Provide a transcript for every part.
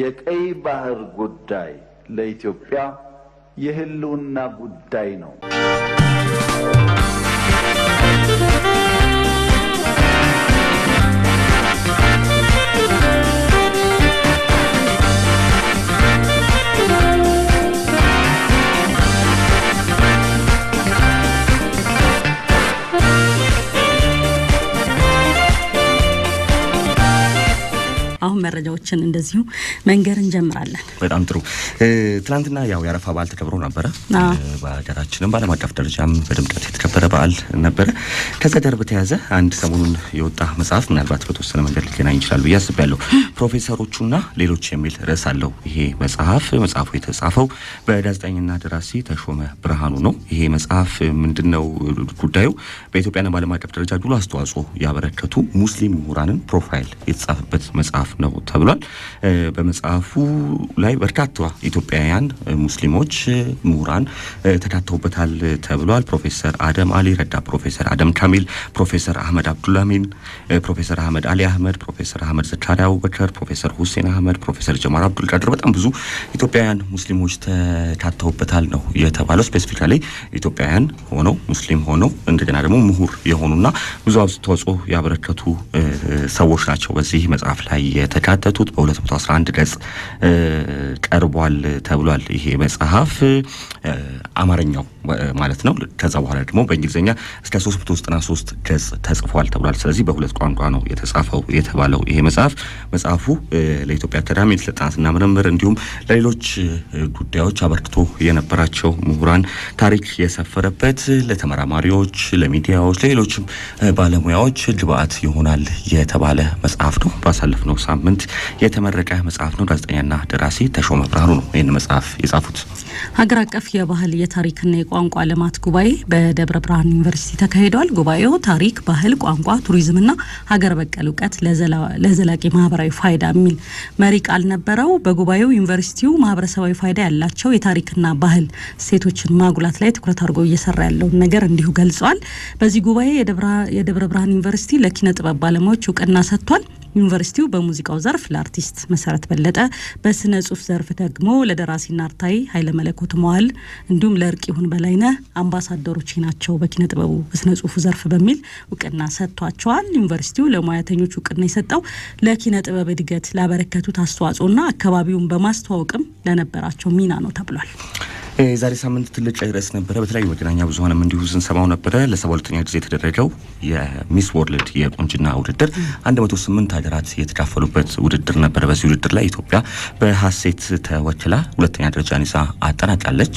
የቀይ ባህር ጉዳይ ለኢትዮጵያ የህልውና ጉዳይ ነው። መረጃዎችን እንደዚሁ መንገር እንጀምራለን። በጣም ጥሩ። ትናንትና ያው የአረፋ በዓል ተከብሮ ነበረ። በሀገራችንም በዓለም አቀፍ ደረጃም በድምቀት የተከበረ በዓል ነበረ። ከዛ ጋር በተያያዘ አንድ ሰሞኑን የወጣ መጽሐፍ ምናልባት በተወሰነ መንገድ ሊገናኝ ይችላል ብዬ አስቤያለሁ። ፕሮፌሰሮቹና ሌሎች የሚል ርዕስ አለው ይሄ መጽሐፍ። መጽሐፉ የተጻፈው በጋዜጠኛና ደራሲ ተሾመ ብርሃኑ ነው። ይሄ መጽሐፍ ምንድን ነው ጉዳዩ? በኢትዮጵያና በዓለም አቀፍ ደረጃ ድሎ አስተዋጽኦ ያበረከቱ ሙስሊም ምሁራንን ፕሮፋይል የተጻፈበት መጽሐፍ ነው ነው ተብሏል። በመጽሐፉ ላይ በርካታ ኢትዮጵያውያን ሙስሊሞች፣ ምሁራን ተካተውበታል ተብሏል። ፕሮፌሰር አደም አሊ ረዳ፣ ፕሮፌሰር አደም ካሚል፣ ፕሮፌሰር አህመድ አብዱላሚን፣ ፕሮፌሰር አህመድ አሊ አህመድ፣ ፕሮፌሰር አህመድ ዘካሪያ አቡበከር፣ ፕሮፌሰር ሁሴን አህመድ፣ ፕሮፌሰር ጀማር አብዱልቃድር በጣም ብዙ ኢትዮጵያውያን ሙስሊሞች ተካተውበታል ነው የተባለው። ስፔሲፊካሊ ኢትዮጵያውያን ሆነው ሙስሊም ሆነው እንደገና ደግሞ ምሁር የሆኑና ብዙ አስተዋጽኦ ያበረከቱ ሰዎች ናቸው በዚህ መጽሐፍ ላይ ያካተቱት በ211 ገጽ ቀርቧል ተብሏል። ይሄ መጽሐፍ አማርኛው ማለት ነው። ከዛ በኋላ ደግሞ በእንግሊዝኛ እስከ 393 ገጽ ተጽፏል ተብሏል። ስለዚህ በሁለት ቋንቋ ነው የተጻፈው የተባለው ይሄ መጽሐፍ መጽሐፉ ለኢትዮጵያ አካዳሚ ለጥናትና ምርምር እንዲሁም ለሌሎች ጉዳዮች አበርክቶ የነበራቸው ምሁራን ታሪክ የሰፈረበት ለተመራማሪዎች፣ ለሚዲያዎች፣ ለሌሎችም ባለሙያዎች ግብአት ይሆናል የተባለ መጽሐፍ ነው። ባሳለፍነው ሳምንት ስምንት የተመረቀ መጽሐፍ ነው። ጋዜጠኛና ደራሲ ተሾመ ብርሃኑ ነው ይህን መጽሐፍ የጻፉት። ሀገር አቀፍ የባህል የታሪክና የቋንቋ ልማት ጉባኤ በደብረ ብርሃን ዩኒቨርሲቲ ተካሂደዋል። ጉባኤው ታሪክ፣ ባህል፣ ቋንቋ፣ ቱሪዝምና ሀገር በቀል እውቀት ለዘላቂ ማህበራዊ ፋይዳ የሚል መሪ ቃል ነበረው። በጉባኤው ዩኒቨርሲቲው ማህበረሰባዊ ፋይዳ ያላቸው የታሪክና ባህል ሴቶችን ማጉላት ላይ ትኩረት አድርጎ እየሰራ ያለውን ነገር እንዲሁ ገልጿል። በዚህ ጉባኤ የደብረ ብርሃን ዩኒቨርሲቲ ለኪነ ጥበብ ባለሙያዎች እውቅና ሰጥቷል። ዩኒቨርሲቲው በሙዚቃው ዘርፍ ለአርቲስት መሰረት በለጠ፣ በስነ ጽሁፍ ዘርፍ ደግሞ ለደራሲና አርታኢ ኃይለ መለኮት መዋል እንዲሁም ይሁን በላይነህ አምባሳደሮች ናቸው በኪነ ጥበቡ በስነ ጽሁፉ ዘርፍ በሚል እውቅና ሰጥቷቸዋል። ዩኒቨርሲቲው ለሙያተኞች እውቅና የሰጠው ለኪነ ጥበብ እድገት ላበረከቱት አስተዋጽኦና አካባቢውን በማስተዋወቅም ለነበራቸው ሚና ነው ተብሏል። የዛሬ ሳምንት ትልቅ ርዕስ ነበረ። በተለያዩ መገናኛ ብዙኃንም እንዲሁ ስንሰማው ነበረ። ለሰባ ሁለተኛ ጊዜ የተደረገው የሚስ ወርልድ የቁንጅና ውድድር ስምንት ሀገራት የተካፈሉበት ውድድር ነበረ። በዚህ ውድድር ላይ ኢትዮጵያ በሀሴት ተወክላ ሁለተኛ ደረጃን ይዛ አጠናቃለች።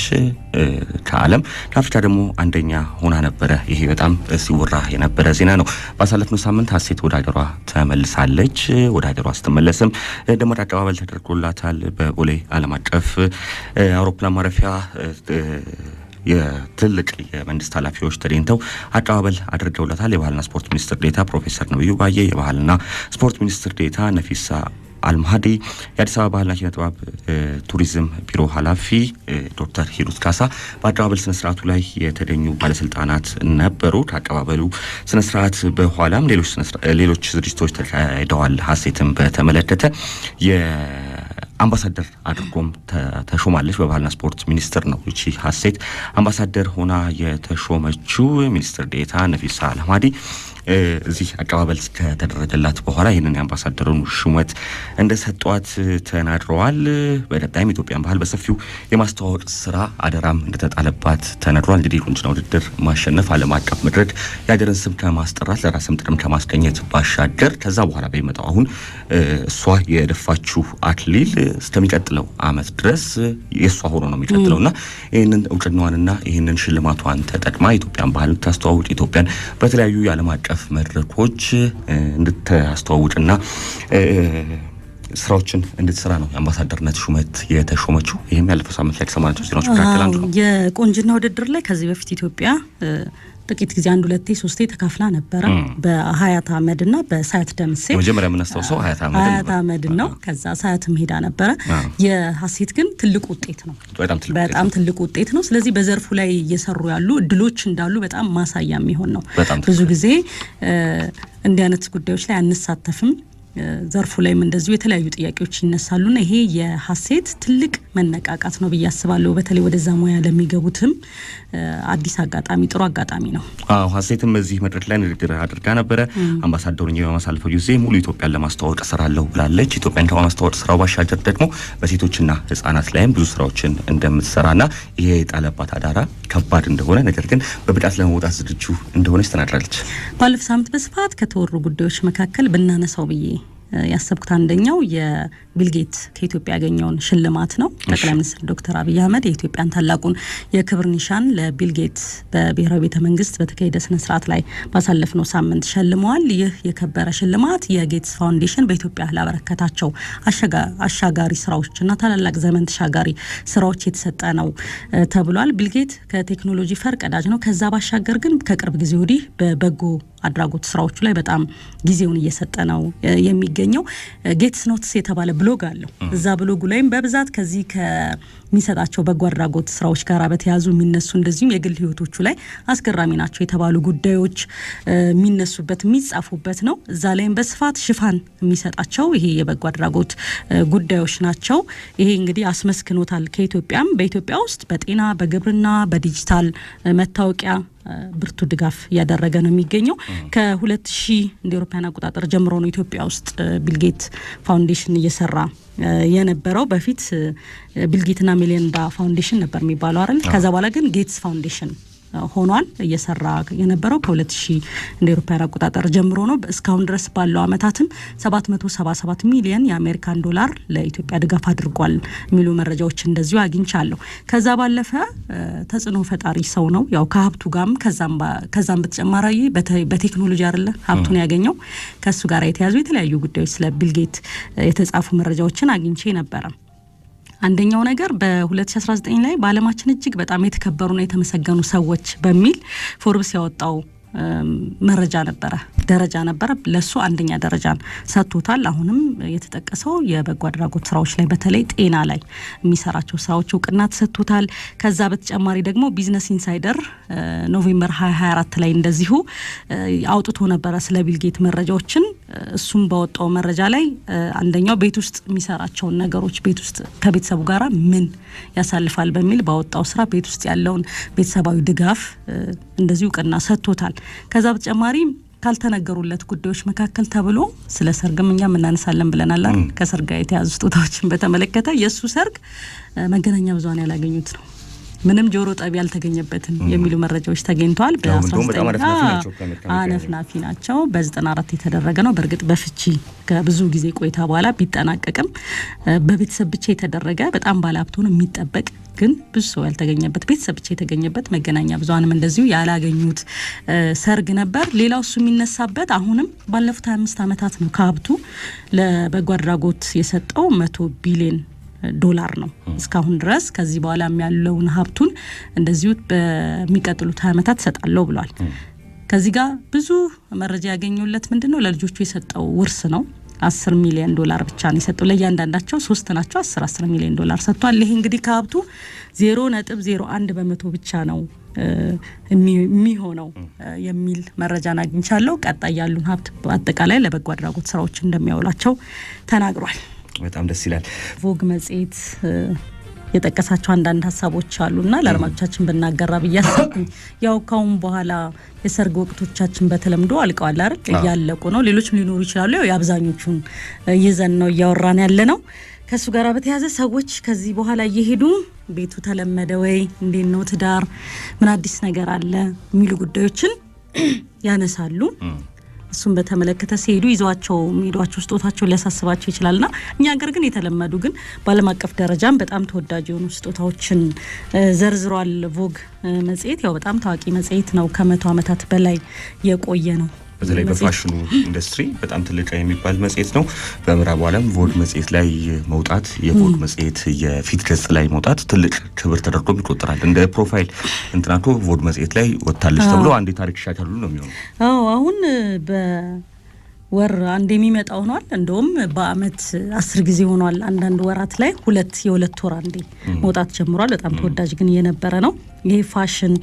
ከዓለም ከአፍሪካ ደግሞ አንደኛ ሆና ነበረ። ይሄ በጣም ሲወራ የነበረ ዜና ነው። ባሳለፍነው ሳምንት ሀሴት ወደ ሀገሯ ተመልሳለች። ወደ ሀገሯ ስትመለስም ደማቅ አቀባበል ተደርጎላታል። በቦሌ ዓለም አቀፍ አውሮፕላን ማረፊያ የትልቅ የመንግስት ኃላፊዎች ተገኝተው አቀባበል አድርገውለታል። የባህልና ስፖርት ሚኒስትር ዴታ ፕሮፌሰር ነብዩ ባዬ፣ የባህልና ስፖርት ሚኒስትር ዴታ ነፊሳ አልማህዲ፣ የአዲስ አበባ ባህልና ኪነ ጥበብ ቱሪዝም ቢሮ ኃላፊ ዶክተር ሂሩት ካሳ በአቀባበል ስነስርዓቱ ላይ የተገኙ ባለስልጣናት ነበሩ። ከአቀባበሉ ስነስርዓት በኋላም ሌሎች ዝግጅቶች ተካሂደዋል። ሀሴትም በተመለከተ አምባሳደር አድርጎም ተሾማለች። በባህልና ስፖርት ሚኒስትር ነው እቺ ሀሴት አምባሳደር ሆና የተሾመችው ሚኒስትር ዴታ ነፊሳ አልማዲ እዚህ አቀባበል ከተደረገላት በኋላ ይህንን የአምባሳደሩን ሹመት እንደሰጧት ተናግረዋል። በቀጣይም ኢትዮጵያን ባህል በሰፊው የማስተዋወቅ ስራ አደራም እንደተጣለባት ተነግሯል። እንግዲህ ቁንጅና ውድድር ማሸነፍ ዓለም አቀፍ መድረክ የሀገርን ስም ከማስጠራት ለራስም ጥቅም ከማስገኘት ባሻገር ከዛ በኋላ በሚመጣው አሁን እሷ የደፋችሁ አክሊል እስከሚቀጥለው አመት ድረስ የእሷ ሆኖ ነው የሚቀጥለው እና ይህንን እውቅናዋንና ይህንን ሽልማቷን ተጠቅማ ኢትዮጵያን ባህል ታስተዋውቅ ኢትዮጵያን በተለያዩ የዓለም አቀፍ አቀፍ መድረኮች እንድታስተዋውቅና ስራዎችን እንድትሰራ ነው የአምባሳደርነት ሹመት የተሾመችው። ይህም ያለፈው ሳምንት ላይ ከሰማናቸው ዜናዎች መካከል አንዱ ነው። የቆንጅና ውድድር ላይ ከዚህ በፊት ኢትዮጵያ ጥቂት ጊዜ አንድ ሁለቴ ሶስቴ ተካፍላ ነበረ በሀያት አህመድ እና በሳያት ደምሴ። መጀመሪያ የምናስታውሰው ሀያት አህመድ ነው። ከዛ ሳያትም ሄዳ ነበረ። የሀሴት ግን ትልቅ ውጤት ነው፣ በጣም ትልቅ ውጤት ነው። ስለዚህ በዘርፉ ላይ እየሰሩ ያሉ እድሎች እንዳሉ በጣም ማሳያ የሚሆን ነው። ብዙ ጊዜ እንዲህ አይነት ጉዳዮች ላይ አንሳተፍም ዘርፉ ላይም እንደዚሁ የተለያዩ ጥያቄዎች ይነሳሉና ይሄ የሀሴት ትልቅ መነቃቃት ነው ብዬ አስባለሁ። በተለይ ወደዛ ሙያ ለሚገቡትም አዲስ አጋጣሚ፣ ጥሩ አጋጣሚ ነው። አዎ ሀሴትም በዚህ መድረክ ላይ ንግግር አድርጋ ነበረ። አምባሳደሩኛ በማሳልፈው ጊዜ ሙሉ ኢትዮጵያን ለማስተዋወቅ እሰራለሁ ብላለች። ኢትዮጵያን ከማስተዋወቅ ስራው ባሻገር ደግሞ በሴቶችና ህጻናት ላይም ብዙ ስራዎችን እንደምትሰራና ይሄ የጣለባት አዳራ ከባድ እንደሆነ ነገር ግን በብቃት ለመውጣት ዝግጁ እንደሆነች ተናግራለች። ባለፈው ሳምንት በስፋት ከተወሩ ጉዳዮች መካከል ብናነሳው ብዬ ያሰብኩት አንደኛው የቢልጌት ከኢትዮጵያ ያገኘውን ሽልማት ነው። ጠቅላይ ሚኒስትር ዶክተር አብይ አህመድ የኢትዮጵያን ታላቁን የክብር ኒሻን ለቢልጌት በብሔራዊ ቤተ መንግስት በተካሄደ ስነ ስርዓት ላይ ባሳለፍነው ሳምንት ሸልመዋል። ይህ የከበረ ሽልማት የጌትስ ፋውንዴሽን በኢትዮጵያ ላበረከታቸው አሻጋሪ ስራዎችና ታላላቅ ዘመን ተሻጋሪ ስራዎች የተሰጠ ነው ተብሏል። ቢልጌት ከቴክኖሎጂ ፈር ቀዳጅ ነው። ከዛ ባሻገር ግን ከቅርብ ጊዜ ወዲህ በበጎ አድራጎት ስራዎቹ ላይ በጣም ጊዜውን እየሰጠ ነው የሚገኘው። ጌትስ ኖትስ የተባለ ብሎግ አለው። እዛ ብሎጉ ላይም በብዛት ከዚህ ከሚሰጣቸው በጎ አድራጎት ስራዎች ጋር በተያዙ የሚነሱ እንደዚሁም የግል ህይወቶቹ ላይ አስገራሚ ናቸው የተባሉ ጉዳዮች የሚነሱበት የሚጻፉበት ነው። እዛ ላይም በስፋት ሽፋን የሚሰጣቸው ይሄ የበጎ አድራጎት ጉዳዮች ናቸው። ይሄ እንግዲህ አስመስክኖታል። ከኢትዮጵያም በኢትዮጵያ ውስጥ በጤና በግብርና በዲጂታል መታወቂያ ብርቱ ድጋፍ እያደረገ ነው የሚገኘው። ከሁለት ሺህ እንደ ኤሮፓያን አቆጣጠር ጀምሮ ነው ኢትዮጵያ ውስጥ ቢልጌት ፋውንዴሽን እየሰራ የነበረው በፊት ቢልጌትና ሜሊንዳ ፋውንዴሽን ነበር የሚባለው አይደል? ከዛ በኋላ ግን ጌትስ ፋውንዴሽን ሆኗል። እየሰራ የነበረው ከ ሺ እንደ ኤሮፓያን አቆጣጠር ጀምሮ ነው። እስካሁን ድረስ ባለው አመታትም 777 ሚሊዮን የአሜሪካን ዶላር ለኢትዮጵያ ድጋፍ አድርጓል የሚሉ መረጃዎች እንደዚሁ አግኝቻለሁ። ከዛ ባለፈ ተጽዕኖ ፈጣሪ ሰው ነው። ያው ከሀብቱ ጋም ከዛም በተጨማሪ በቴክኖሎጂ አይደለ ሀብቱን ያገኘው ከእሱ ጋር የተያዙ የተለያዩ ጉዳዮች ስለ ቢልጌት የተጻፉ መረጃዎችን አግኝቼ ነበረ። አንደኛው ነገር በ2019 ላይ በዓለማችን እጅግ በጣም የተከበሩና የተመሰገኑ ሰዎች በሚል ፎርብስ ያወጣው መረጃ ነበረ ደረጃ ነበረ ለሱ አንደኛ ደረጃ ሰጥቶታል። አሁንም የተጠቀሰው የበጎ አድራጎት ስራዎች ላይ በተለይ ጤና ላይ የሚሰራቸው ስራዎች እውቅና ተሰጥቶታል። ከዛ በተጨማሪ ደግሞ ቢዝነስ ኢንሳይደር ኖቬምበር 2024 ላይ እንደዚሁ አውጥቶ ነበረ ስለ ቢልጌት መረጃዎችን። እሱም ባወጣው መረጃ ላይ አንደኛው ቤት ውስጥ የሚሰራቸውን ነገሮች ቤት ውስጥ ከቤተሰቡ ጋር ምን ያሳልፋል በሚል ባወጣው ስራ ቤት ውስጥ ያለውን ቤተሰባዊ ድጋፍ እንደዚሁ እውቅና ሰጥቶታል። ከዛ በተጨማሪ ካልተነገሩለት ጉዳዮች መካከል ተብሎ ስለ ሰርግም እኛም እናነሳለን ብለናል። ከሰርግ ጋር የተያዙ ስጦታዎችን በተመለከተ የእሱ ሰርግ መገናኛ ብዙኃን ያላገኙት ነው። ምንም ጆሮ ጠቢ ያልተገኘበትን የሚሉ መረጃዎች ተገኝተዋል። አነፍናፊ ናቸው። በ94 የተደረገ ነው። በእርግጥ በፍቺ ከብዙ ጊዜ ቆይታ በኋላ ቢጠናቀቅም በቤተሰብ ብቻ የተደረገ በጣም ባለሀብት ሆኖ የሚጠበቅ ግን ብዙ ሰው ያልተገኘበት ቤተሰብ ብቻ የተገኘበት መገናኛ ብዙንም እንደዚሁ ያላገኙት ሰርግ ነበር። ሌላው እሱ የሚነሳበት አሁንም ባለፉት 25 ዓመታት ነው ከሀብቱ ለበጎ አድራጎት የሰጠው መቶ ቢሊዮን ዶላር ነው እስካሁን ድረስ። ከዚህ በኋላም ያለውን ሀብቱን እንደዚሁ በሚቀጥሉት ዓመታት ሰጣለሁ ብሏል። ከዚህ ጋር ብዙ መረጃ ያገኙለት ምንድን ነው ለልጆቹ የሰጠው ውርስ ነው። አስር ሚሊዮን ዶላር ብቻ ነው የሰጠው። ለእያንዳንዳቸው ሶስት ናቸው። አስር አስር ሚሊዮን ዶላር ሰጥቷል። ይሄ እንግዲህ ከሀብቱ ዜሮ ነጥብ ዜሮ አንድ በመቶ ብቻ ነው የሚሆነው የሚል መረጃን አግኝቻለሁ። ቀጣይ ያሉን ሀብት በአጠቃላይ ለበጎ አድራጎት ስራዎች እንደሚያውላቸው ተናግሯል። በጣም ደስ ይላል። ቮግ መጽሔት የጠቀሳቸው አንዳንድ ሀሳቦች አሉና ለአድማጮቻችን ብናገራ ብዬ አሰብኩኝ። ያው ካሁን በኋላ የሰርግ ወቅቶቻችን በተለምዶ አልቀዋል አይደል? እያለቁ ነው። ሌሎችም ሊኖሩ ይችላሉ። ያው የአብዛኞቹን ይዘን ነው እያወራን ያለ ነው። ከእሱ ጋር በተያያዘ ሰዎች ከዚህ በኋላ እየሄዱ ቤቱ ተለመደ ወይ፣ እንዴት ነው ትዳር፣ ምን አዲስ ነገር አለ የሚሉ ጉዳዮችን ያነሳሉ። እሱን በተመለከተ ሲሄዱ ይዟቸው ሄዷቸው ስጦታቸው ሊያሳስባቸው ይችላል ና እኛ ሀገር ግን የተለመዱ ግን በአለም አቀፍ ደረጃም በጣም ተወዳጅ የሆኑ ስጦታዎችን ዘርዝሯል ቮግ መጽሄት ያው በጣም ታዋቂ መጽሔት ነው። ከመቶ አመታት በላይ የቆየ ነው። በተለይ በፋሽኑ ኢንዱስትሪ በጣም ትልቅ የሚባል መጽሔት ነው። በምዕራቡ ዓለም ቮግ መጽሔት ላይ መውጣት የቮግ መጽሔት የፊት ገጽ ላይ መውጣት ትልቅ ክብር ተደርጎ ይቆጠራል። እንደ ፕሮፋይል እንትናቶ ቮግ መጽሔት ላይ ወጥታለች ተብሎ አንድ የታሪክ ሻካሉ ነው የሚሆነው አሁን ወር አንድ የሚመጣ ሆኗል። እንደውም በአመት አስር ጊዜ ሆኗል። አንዳንድ ወራት ላይ ሁለት የሁለት ወር አንዴ መውጣት ጀምሯል። በጣም ተወዳጅ ግን የነበረ ነው። ይህ ፋሽን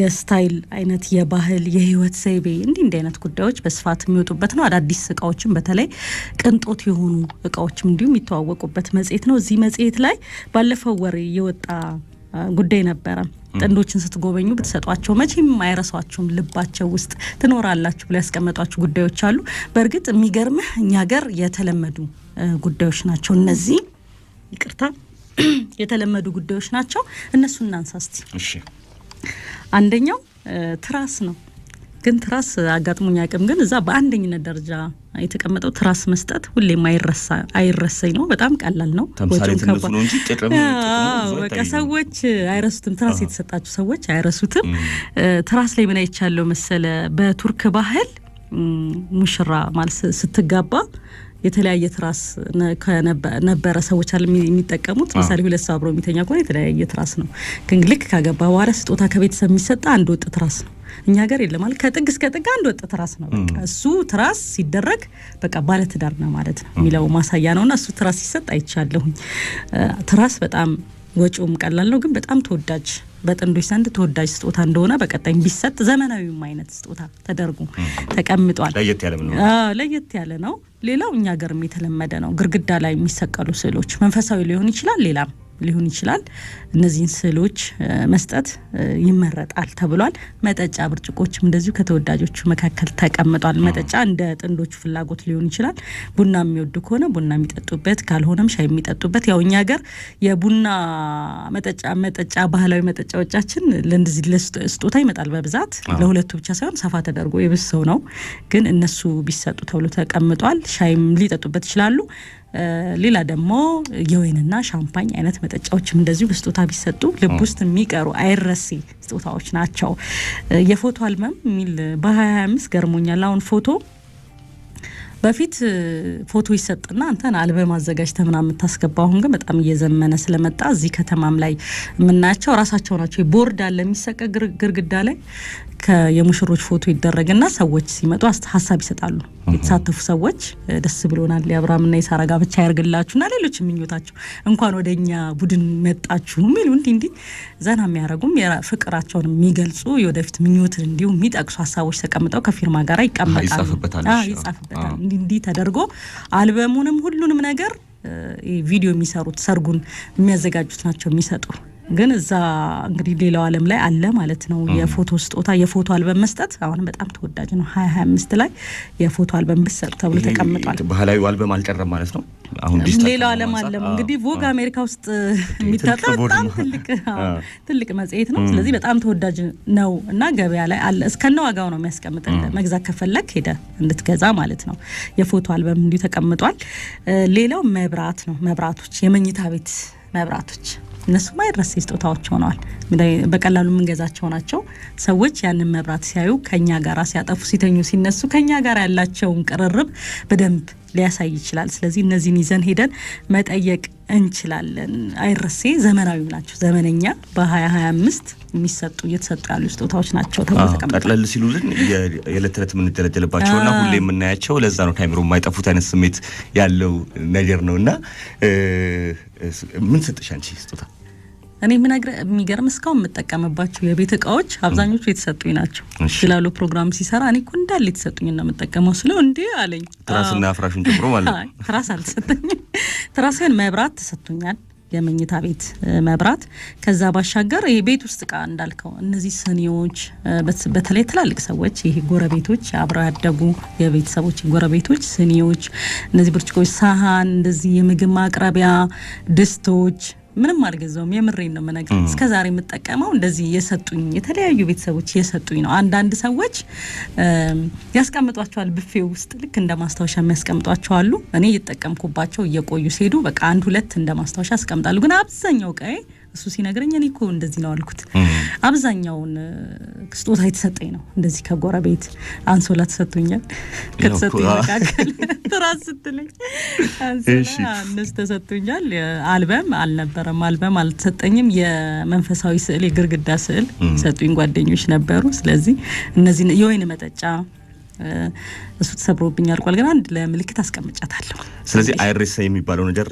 የስታይል አይነት የባህል የህይወት ዘይቤ እንዲህ እንዲህ አይነት ጉዳዮች በስፋት የሚወጡበት ነው። አዳዲስ እቃዎችም በተለይ ቅንጦት የሆኑ እቃዎችም እንዲሁም የሚተዋወቁበት መጽሄት ነው። እዚህ መጽሄት ላይ ባለፈው ወር የወጣ ጉዳይ ነበረ። ጥንዶችን ስትጎበኙ ብትሰጧቸው መቼም አይረሷችሁም፣ ልባቸው ውስጥ ትኖራላችሁ ብላ ያስቀመጧችሁ ጉዳዮች አሉ። በእርግጥ የሚገርምህ እኛ ሀገር የተለመዱ ጉዳዮች ናቸው እነዚህ። ይቅርታ፣ የተለመዱ ጉዳዮች ናቸው እነሱ። እናንሳስቲ አንደኛው ትራስ ነው። ግን ትራስ አጋጥሞኝ አቅም ግን እዛ በአንደኝነት ደረጃ የተቀመጠው ትራስ መስጠት ሁሌም አይረሰኝ ነው። በጣም ቀላል ነው። በቃ ሰዎች አይረሱትም። ትራስ የተሰጣቸው ሰዎች አይረሱትም። ትራስ ላይ ምን አይቻለው መሰለ፣ በቱርክ ባህል ሙሽራ ማለት ስትጋባ የተለያየ ትራስ ነበረ ሰዎች አለ የሚጠቀሙት። ምሳሌ ሁለት ሰው አብሮ የሚተኛ ከሆነ የተለያየ ትራስ ነው። ግን ልክ ካገባ በኋላ ስጦታ ከቤተሰብ የሚሰጠ አንድ ወጥ ትራስ ነው። እኛ ሀገር የለም ማለት ከጥግ እስከ ጥግ አንድ ወጥ ትራስ ነው። በቃ እሱ ትራስ ሲደረግ በቃ ባለትዳር ነው ማለት ነው የሚለው ማሳያ ነውና እሱ ትራስ ሲሰጥ አይቻለሁኝ። ትራስ በጣም ወጪውም ቀላል ነው፣ ግን በጣም ተወዳጅ በጥንዶች ዘንድ ተወዳጅ ስጦታ እንደሆነ በቀጣይ ቢሰጥ ዘመናዊም አይነት ስጦታ ተደርጎ ተቀምጧል። ለየት ያለ ነው። ሌላው እኛ ሀገርም የተለመደ ነው፣ ግርግዳ ላይ የሚሰቀሉ ስዕሎች መንፈሳዊ ሊሆን ይችላል ሌላም ሊሆን ይችላል። እነዚህን ስዕሎች መስጠት ይመረጣል ተብሏል። መጠጫ ብርጭቆችም እንደዚሁ ከተወዳጆቹ መካከል ተቀምጧል። መጠጫ እንደ ጥንዶቹ ፍላጎት ሊሆን ይችላል። ቡና የሚወዱ ከሆነ ቡና የሚጠጡበት፣ ካልሆነም ሻይ የሚጠጡበት። ያው እኛ ሀገር የቡና መጠጫ መጠጫ ባህላዊ መጠጫዎቻችን ለእንደዚህ ለስጦታ ይመጣል በብዛት ለሁለቱ ብቻ ሳይሆን ሰፋ ተደርጎ የብሰው ሰው ነው ግን እነሱ ቢሰጡ ተብሎ ተቀምጧል። ሻይም ሊጠጡበት ይችላሉ። ሌላ ደግሞ የወይንና ሻምፓኝ አይነት መጠጫዎችም እንደዚሁ በስጦታ ቢሰጡ ልብ ውስጥ የሚቀሩ አይረሴ ስጦታዎች ናቸው። የፎቶ አልበም የሚል በሀያ አምስት ገርሞኛል። አሁን ፎቶ በፊት ፎቶ ይሰጥና አንተን አልበም አዘጋጅተህ ምናምን የምታስገባው፣ አሁን ግን በጣም እየዘመነ ስለመጣ እዚህ ከተማም ላይ የምናያቸው ራሳቸው ናቸው። ቦርድ አለ የሚሰቀ ግርግዳ ላይ የሙሽሮች ፎቶ ይደረግና ሰዎች ሲመጡ ሀሳብ ይሰጣሉ። የተሳተፉ ሰዎች ደስ ብሎናል፣ የአብርሃምና የሳራ ጋብቻ ያርግላችሁና ሌሎች የምኞታቸው እንኳን ወደ እኛ ቡድን መጣችሁ የሚሉ እንዲ እንዲ ዘና የሚያደረጉም ፍቅራቸውን የሚገልጹ የወደፊት ምኞትን እንዲሁ የሚጠቅሱ ሀሳቦች ተቀምጠው ከፊርማ ጋር ይቀመጣሉ፣ ይጻፍበታል እንዲህ እንዲህ ተደርጎ አልበሙንም ሁሉንም ነገር ቪዲዮ የሚሰሩት ሰርጉን የሚያዘጋጁት ናቸው የሚሰጡ ግን እዛ እንግዲህ ሌላው አለም ላይ አለ ማለት ነው። የፎቶ ስጦታ የፎቶ አልበም መስጠት አሁንም በጣም ተወዳጅ ነው። ሀያ ሀያ አምስት ላይ የፎቶ አልበም ብሰጥ ተብሎ ተቀምጧል። ባህላዊ አልበም አልቀረም ማለት ነው። አሁን ሌላው አለም እንግዲህ ቮግ አሜሪካ ውስጥ የሚታጣ በጣም ትልቅ ትልቅ መጽሔት ነው። ስለዚህ በጣም ተወዳጅ ነው እና ገበያ ላይ አለ። እስከነ ዋጋው ነው የሚያስቀምጥ መግዛት ከፈለግ ሄደ እንድትገዛ ማለት ነው። የፎቶ አልበም እንዲሁ ተቀምጧል። ሌላው መብራት ነው። መብራቶች የመኝታ ቤት መብራቶች እነሱ ማይረሴ ስጦታዎች ሆነዋል። በቀላሉ የምንገዛቸው ናቸው። ሰዎች ያንን መብራት ሲያዩ ከኛ ጋር ሲያጠፉ፣ ሲተኙ፣ ሲነሱ ከኛ ጋር ያላቸውን ቅርርብ በደንብ ሊያሳይ ይችላል። ስለዚህ እነዚህን ይዘን ሄደን መጠየቅ እንችላለን። አይረሴ ዘመናዊም ናቸው። ዘመነኛ በ2025 የሚሰጡ እየተሰጡ ያሉ ስጦታዎች ናቸው ተብሎ ተቀምጧል። ጠቅለል ሲሉልን የዕለት የምንደለደልባቸው የምንደለደልባቸውና ሁሌ የምናያቸው ለዛ ነው ታይምሮ የማይጠፉት አይነት ስሜት ያለው ነገር ነው እና ምን ሰጥሽ አንቺ ስጦታ? እኔ የምነግርህ የሚገርም እስካሁን የምጠቀምባቸው የቤት እቃዎች አብዛኞቹ የተሰጡኝ ናቸው። ይችላሉ ፕሮግራም ሲሰራ እኔ እኮ እንዳለ የተሰጡኝ እና የምጠቀመው ስለው እንዴ አለኝ። ትራስና ፍራሹን ጨምሮ ማለት ነው። ትራስ አልተሰጠኝም። ትራስ ግን መብራት ተሰጥቶኛል። የመኝታ ቤት መብራት። ከዛ ባሻገር ይሄ ቤት ውስጥ እቃ እንዳልከው እነዚህ ስኒዎች፣ በተለይ ትላልቅ ሰዎች ይሄ ጎረቤቶች፣ አብረው ያደጉ የቤተሰቦች ጎረቤቶች፣ ስኒዎች፣ እነዚህ ብርጭቆች፣ ሳህን፣ እንደዚህ የምግብ ማቅረቢያ ድስቶች ምንም አልገዛውም። የምሬን ነው የምነግር። እስከ ዛሬ የምጠቀመው እንደዚህ የሰጡኝ የተለያዩ ቤተሰቦች የሰጡኝ ነው። አንዳንድ ሰዎች ያስቀምጧቸዋል ብፌ ውስጥ ልክ እንደ ማስታወሻ የሚያስቀምጧቸው አሉ። እኔ እየጠቀምኩባቸው እየቆዩ ሲሄዱ በቃ አንድ ሁለት እንደ ማስታወሻ አስቀምጣሉ። ግን አብዛኛው ቀይ እሱ ሲነግረኝ እኔ እኮ እንደዚህ ነው አልኩት። አብዛኛውን ስጦታ የተሰጠኝ ነው እንደዚህ ከጎረቤት አንሶላ ተሰጥቶኛል። ከተሰጡኝ መካከል ትራስ ስትለኝ አንሶላ እነሱ ተሰጥቶኛል። አልበም አልነበረም፣ አልበም አልተሰጠኝም። የመንፈሳዊ ስዕል፣ የግርግዳ ስዕል ሰጡኝ ጓደኞች ነበሩ። ስለዚህ እነዚህ የወይን መጠጫ እሱ ተሰብሮብኝ አልቋል፣ ግን አንድ ለምልክት አስቀምጫታለሁ። ስለዚህ አይሬሳ የሚባለው ነገር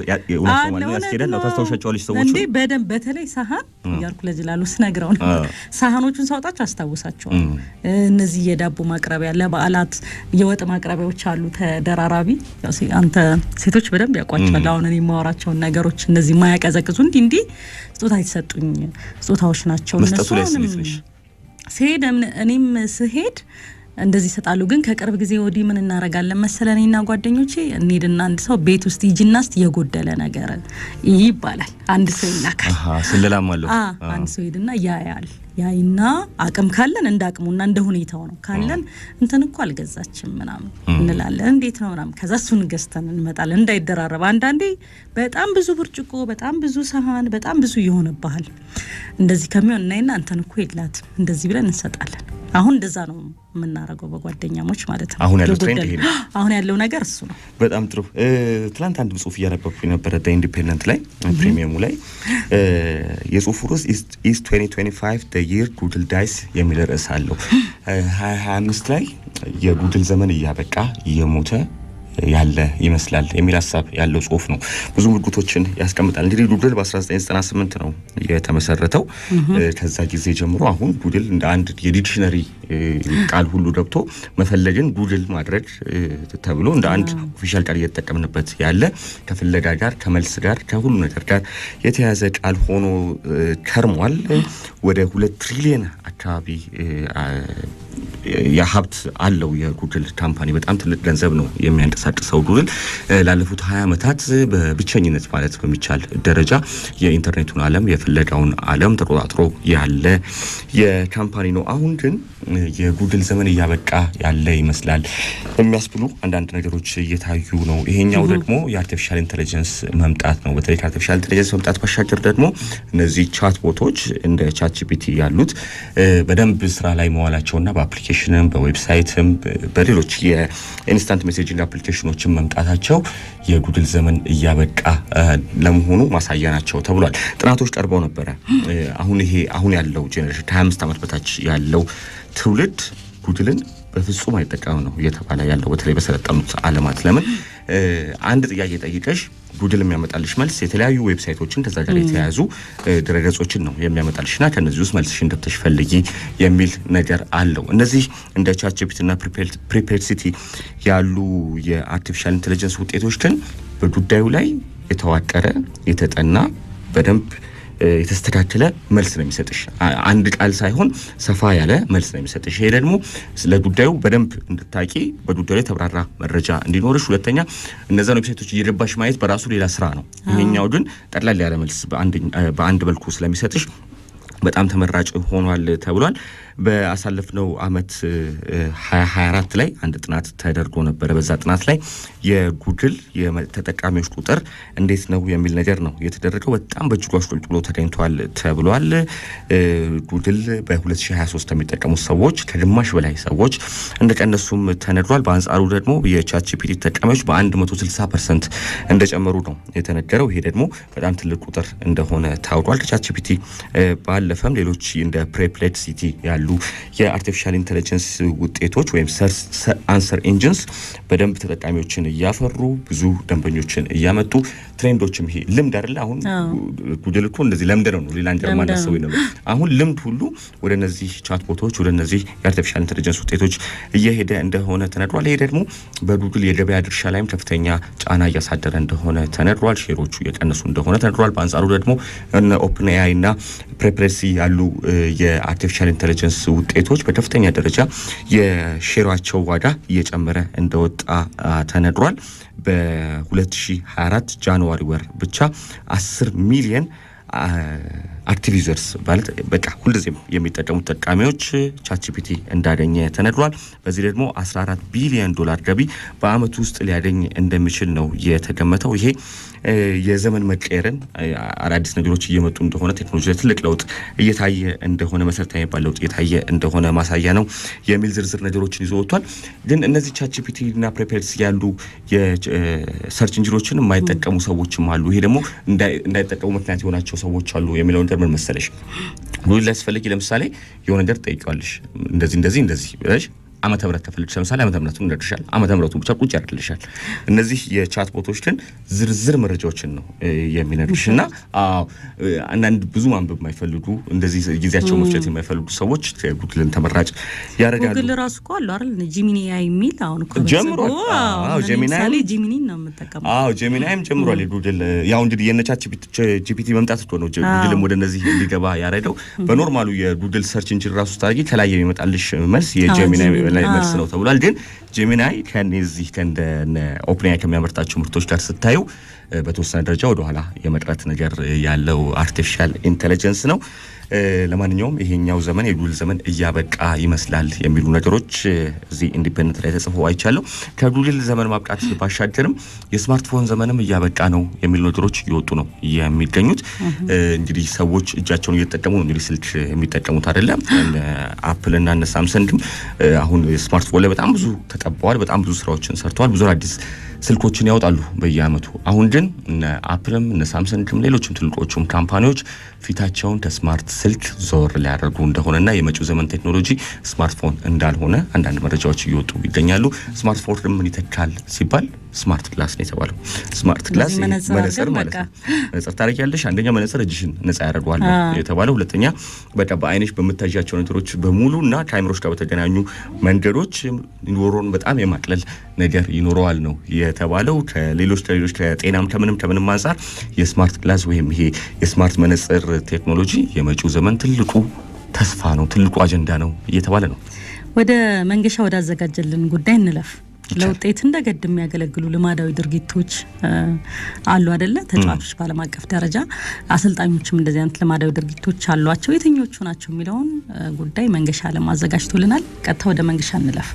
ያስኬዳል። ታስታውሻቸዋለች ሰዎች እንዴ? በደንብ በተለይ ሳህን እያልኩ ለጅላሉ ስነግረው ነው። ሳህኖቹን ሳውጣቸው አስታውሳቸዋል። እነዚህ የዳቦ ማቅረቢያ ለበዓላት የወጥ ማቅረቢያዎች አሉ ተደራራቢ። አንተ ሴቶች በደንብ ያውቋቸዋል። አሁን እኔ የማወራቸውን ነገሮች እነዚህ ማያቀዘቅዙ እንዲ እንዲ ስጦታ የተሰጡኝ ስጦታዎች ናቸው። ስሄድ እኔም ስሄድ እንደዚህ ይሰጣሉ። ግን ከቅርብ ጊዜ ወዲህ ምን እናረጋለን መሰለን እና ጓደኞቼ እንሂድና አንድ ሰው ቤት ውስጥ ይጅና እስቲ የጎደለ ነገር ይባላል። አንድ ሰው ይላካል። ስለላም አንድ ሰው ሂድና ያያል። ያይና አቅም ካለን እንደ አቅሙና እንደ ሁኔታው ነው። ካለን እንትን እኮ አልገዛችም ምናምን እንላለን። እንዴት ነው ምናምን። ከዛ እሱን ገዝተን እንመጣለን። እንዳይደራረብ። አንዳንዴ በጣም ብዙ ብርጭቆ፣ በጣም ብዙ ሰሀን፣ በጣም ብዙ ይሆንብሃል። እንደዚህ ከሚሆን እናይና እንትን እኮ የላትም እንደዚህ ብለን እንሰጣለን። አሁን እንደዛ ነው የምናረገው በጓደኛሞች ማለት ነው። አሁን ያለው ትሬንድ ይሄ ነው። አሁን ያለው ነገር እሱ ነው። በጣም ጥሩ። ትላንት አንድ ጽሁፍ እያነበብኩ የነበረ ኢንዲፔንደንት ላይ ፕሪሚየሙ ላይ የጽሁፉ ርዕስ ኢስ 2025 ደ ይር ጉድል ዳይስ የሚል ርዕስ አለው። 2025 ላይ የጉድል ዘመን እያበቃ እየሞተ ያለ ይመስላል የሚል ሀሳብ ያለው ጽሁፍ ነው። ብዙ ምልክቶችን ያስቀምጣል። እንግዲህ ዱድል በ1998 ነው የተመሰረተው። ከዛ ጊዜ ጀምሮ አሁን ዱድል እንደ አንድ የዲክሽነሪ ቃል ሁሉ ገብቶ መፈለግን ዱድል ማድረግ ተብሎ እንደ አንድ ኦፊሻል ቃል እየተጠቀምንበት ያለ ከፍለጋ ጋር ከመልስ ጋር ከሁሉ ነገር ጋር የተያዘ ቃል ሆኖ ከርሟል። ወደ ሁለት ትሪሊየን አካባቢ የሀብት አለው የጉግል ካምፓኒ በጣም ትልቅ ገንዘብ ነው የሚያንቀሳቅሰው። ጉግል ላለፉት ሀያ ዓመታት በብቸኝነት ማለት በሚቻል ደረጃ የኢንተርኔቱን አለም የፍለጋውን አለም ተቆጣጥሮ ያለ የካምፓኒ ነው። አሁን ግን የጉግል ዘመን እያበቃ ያለ ይመስላል የሚያስብሉ አንዳንድ ነገሮች እየታዩ ነው። ይሄኛው ደግሞ የአርቲፊሻል ኢንቴሊጀንስ መምጣት ነው። በተለይ ከአርቲፊሻል ኢንቴሊጀንስ መምጣት ባሻገር ደግሞ እነዚህ ቻት ቦቶች እንደ ቻት ጂፒቲ ያሉት በደንብ ስራ ላይ መዋላቸውና በአፕሊኬሽንም በዌብሳይትም በሌሎች የኢንስታንት ሜሴጅንግ አፕሊኬሽኖችን መምጣታቸው የጉግል ዘመን እያበቃ ለመሆኑ ማሳያ ናቸው ተብሏል። ጥናቶች ቀርበው ነበረ። አሁን ይሄ አሁን ያለው ጄኔሬሽን ከ25 ዓመት በታች ያለው ትውልድ ጉግልን በፍጹም አይጠቀም ነው እየተባለ ያለው በተለይ በሰለጠኑት ዓለማት። ለምን አንድ ጥያቄ ጠይቀሽ ጉግል የሚያመጣልሽ መልስ የተለያዩ ዌብሳይቶችን ከዛ ጋር የተያያዙ ድረገጾችን ነው ና ከእነዚህ ውስጥ መልስሽ እንደተሽ ፈልጊ የሚል ነገር አለው። እነዚህ እንደ ቻትጂፒቲና ፕሪፐርሲቲ ያሉ የአርቲፊሻል ኢንቴሊጀንስ ውጤቶች ግን በጉዳዩ ላይ የተዋቀረ የተጠና በደንብ የተስተካከለ መልስ ነው የሚሰጥሽ። አንድ ቃል ሳይሆን ሰፋ ያለ መልስ ነው የሚሰጥሽ። ይሄ ደግሞ ስለ ጉዳዩ በደንብ እንድታቂ፣ በጉዳዩ ላይ ተብራራ መረጃ እንዲኖርሽ፣ ሁለተኛ እነዛን ዌብሳይቶች እየገባሽ ማየት በራሱ ሌላ ስራ ነው። ይሄኛው ግን ጠቅላላ ያለ መልስ በአንድ መልኩ ስለሚሰጥሽ በጣም ተመራጭ ሆኗል ተብሏል። በአሳለፍነው አመት 2024 ላይ አንድ ጥናት ተደርጎ ነበረ። በዛ ጥናት ላይ የጉግል የተጠቃሚዎች ቁጥር እንዴት ነው የሚል ነገር ነው የተደረገው። በጣም በእጅጉ ብሎ ተገኝቷል ተብሏል። ጉግል በ2023 የሚጠቀሙት ሰዎች ከግማሽ በላይ ሰዎች እንደቀነሱም ተነግሯል። በአንጻሩ ደግሞ የቻችፒቲ ተጠቃሚዎች በ160 ፐርሰንት እንደጨመሩ ነው የተነገረው። ይሄ ደግሞ በጣም ትልቅ ቁጥር እንደሆነ ታውቋል። ከቻት ባለፈም ሌሎች እንደ ፕሬፕሌት ሲቲ ያሉ የአርቲፊሻል ኢንቴሊጀንስ ውጤቶች ወይም አንሰር ኢንጂንስ በደንብ ተጠቃሚዎችን እያፈሩ ብዙ ደንበኞችን እያመጡ ትሬንዶችም ይሄ ልምድ አይደለ አሁን ጉግል እኮ እንደዚህ ለምድ ነው ነው ሌላ እንጀራ ማናሰቡ ነው። አሁን ልምድ ሁሉ ወደ እነዚህ ቻትቦቶች ወደ እነዚህ የአርቲፊሻል ኢንቴሊጀንስ ውጤቶች እየሄደ እንደሆነ ተነግሯል። ይሄ ደግሞ በጉግል የገበያ ድርሻ ላይም ከፍተኛ ጫና እያሳደረ እንደሆነ ተነግሯል። ሼሮቹ እየቀነሱ እንደሆነ ተነግሯል። በአንጻሩ ደግሞ ኦፕን ኤአይ እና ፕሬፕሬሲ ያሉ የአርቲፊሻል ኢንቴሊጀንስ የቢዝነስ ውጤቶች በከፍተኛ ደረጃ የሼሯቸው ዋጋ እየጨመረ እንደወጣ ተነግሯል። በ2024 ጃንዋሪ ወር ብቻ 10 ሚሊየን አክቲቪዘርስ ማለት በቃ ሁልጊዜም የሚጠቀሙት ተጠቃሚዎች ቻችፒቲ እንዳገኘ ተነግሯል። በዚህ ደግሞ 14 ቢሊዮን ዶላር ገቢ በአመቱ ውስጥ ሊያገኝ እንደሚችል ነው የተገመተው። ይሄ የዘመን መቀየርን አዳዲስ ነገሮች እየመጡ እንደሆነ ቴክኖሎጂ ላይ ትልቅ ለውጥ እየታየ እንደሆነ መሰረታዊ የሚባል ለውጥ እየታየ እንደሆነ ማሳያ ነው የሚል ዝርዝር ነገሮችን ይዞ ወጥቷል። ግን እነዚህ ቻችፒቲ እና ፕሬፐርስ ያሉ የሰርች እንጂኖችን የማይጠቀሙ ሰዎችም አሉ። ይሄ ደግሞ እንዳይጠቀሙ ምክንያት የሆናቸው ሰዎች አሉ የሚለውን ነገር ምን መሰለሽ ጉድ ሊያስፈልግ ለምሳሌ የሆነ ነገር ጠይቀዋለሽ እንደዚህ እንደዚህ እንደዚህ ብለሽ ዓመተ ምህረት ከፈለግሽ ለምሳሌ ዓመተ ምህረቱን ይረድሻል። ዓመተ ምህረቱን ብቻ ቁጭ ያደርግልሻል። እነዚህ የቻት ቦቶች ግን ዝርዝር መረጃዎችን ነው የሚነግርሽ እና አንዳንድ ብዙ ማንበብ የማይፈልጉ እንደዚህ ጊዜያቸው መፍጨት የማይፈልጉ ሰዎች ጉግልን ተመራጭ ያደርጋሉ። ጉግል ራሱ እኮ አለ አይደል ጂሚኒ የሚል አሁን እኮ ጀምሮ ጂሚኒ ነው የምጠቀመው። አዎ ጂሚኒም ጀምሯል የጉግል ያው እንግዲህ የነቻት ጂፒቲ መምጣት እኮ ነው ጉግልም ወደ እነዚህ እንዲገባ ያረደው። በኖርማሉ የጉግል ሰርች እንችል ራሱ ታርጊ ከላይ የሚመጣልሽ መልስ የጂሚኒ ላይ መልስ ነው ተብሏል። ግን ጀሚናይ ከነዚህ ከእንደ ኦፕንያ ከሚያመርታቸው ምርቶች ጋር ስታዩ በተወሰነ ደረጃ ወደኋላ የመቅረት ነገር ያለው አርቲፊሻል ኢንቴሊጀንስ ነው። ለማንኛውም ይሄኛው ዘመን የዱል ዘመን እያበቃ ይመስላል የሚሉ ነገሮች እዚህ ኢንዲፔንደንት ላይ ተጽፎ አይቻለሁ። ከዱል ዘመን ማብቃት ባሻገርም የስማርትፎን ዘመንም እያበቃ ነው የሚሉ ነገሮች እየወጡ ነው የሚገኙት። እንግዲህ ሰዎች እጃቸውን እየተጠቀሙ ነው እንግዲህ ስልክ የሚጠቀሙት አይደለም። አፕል እና እነ ሳምሰንግም አሁን ስማርትፎን ላይ በጣም ብዙ ተጠበዋል። በጣም ብዙ ስራዎችን ሰርተዋል። ብዙ አዲስ ስልኮችን ያወጣሉ በየአመቱ። አሁን ግን እነ አፕልም እነ ሳምሰንግም ሌሎችም ትልቆቹም ካምፓኒዎች ፊታቸውን ከስማርት ስልክ ዞር ሊያደርጉ እንደሆነና የመጪው ዘመን ቴክኖሎጂ ስማርትፎን እንዳልሆነ አንዳንድ መረጃዎች እየወጡ ይገኛሉ። ስማርትፎን ምን ይተካል ሲባል ስማርት ግላስ ነው የተባለው። ስማርት ግላስ መነጽር ማለት ነው። መነጽር ያለሽ አንደኛ መነጽር እጅሽን ነጻ ያደርገዋል የተባለው፣ ሁለተኛ በቃ በአይነሽ በምታያቸው ነገሮች በሙሉ እና ከአይምሮች ጋር በተገናኙ መንገዶች ኑሮን በጣም የማቅለል ነገር ይኖረዋል ነው የተባለው። ከሌሎች ከሌሎች ከጤናም ከምንም ከምንም አንጻር የስማርት ግላስ ወይም ይሄ የስማርት መነጽር ቴክኖሎጂ የመጪው ዘመን ትልቁ ተስፋ ነው፣ ትልቁ አጀንዳ ነው እየተባለ ነው። ወደ መንገሻ ወዳዘጋጀልን ጉዳይ እንለፍ። ለውጤት እንደገድ የሚያገለግሉ ልማዳዊ ድርጊቶች አሉ አደለ? ተጫዋቾች በዓለም አቀፍ ደረጃ አሰልጣኞችም እንደዚህ አይነት ልማዳዊ ድርጊቶች አሏቸው። የትኞቹ ናቸው የሚለውን ጉዳይ መንገሻ ለማዘጋጅቶልናል። ቀጥታ ወደ መንገሻ እንለፍ።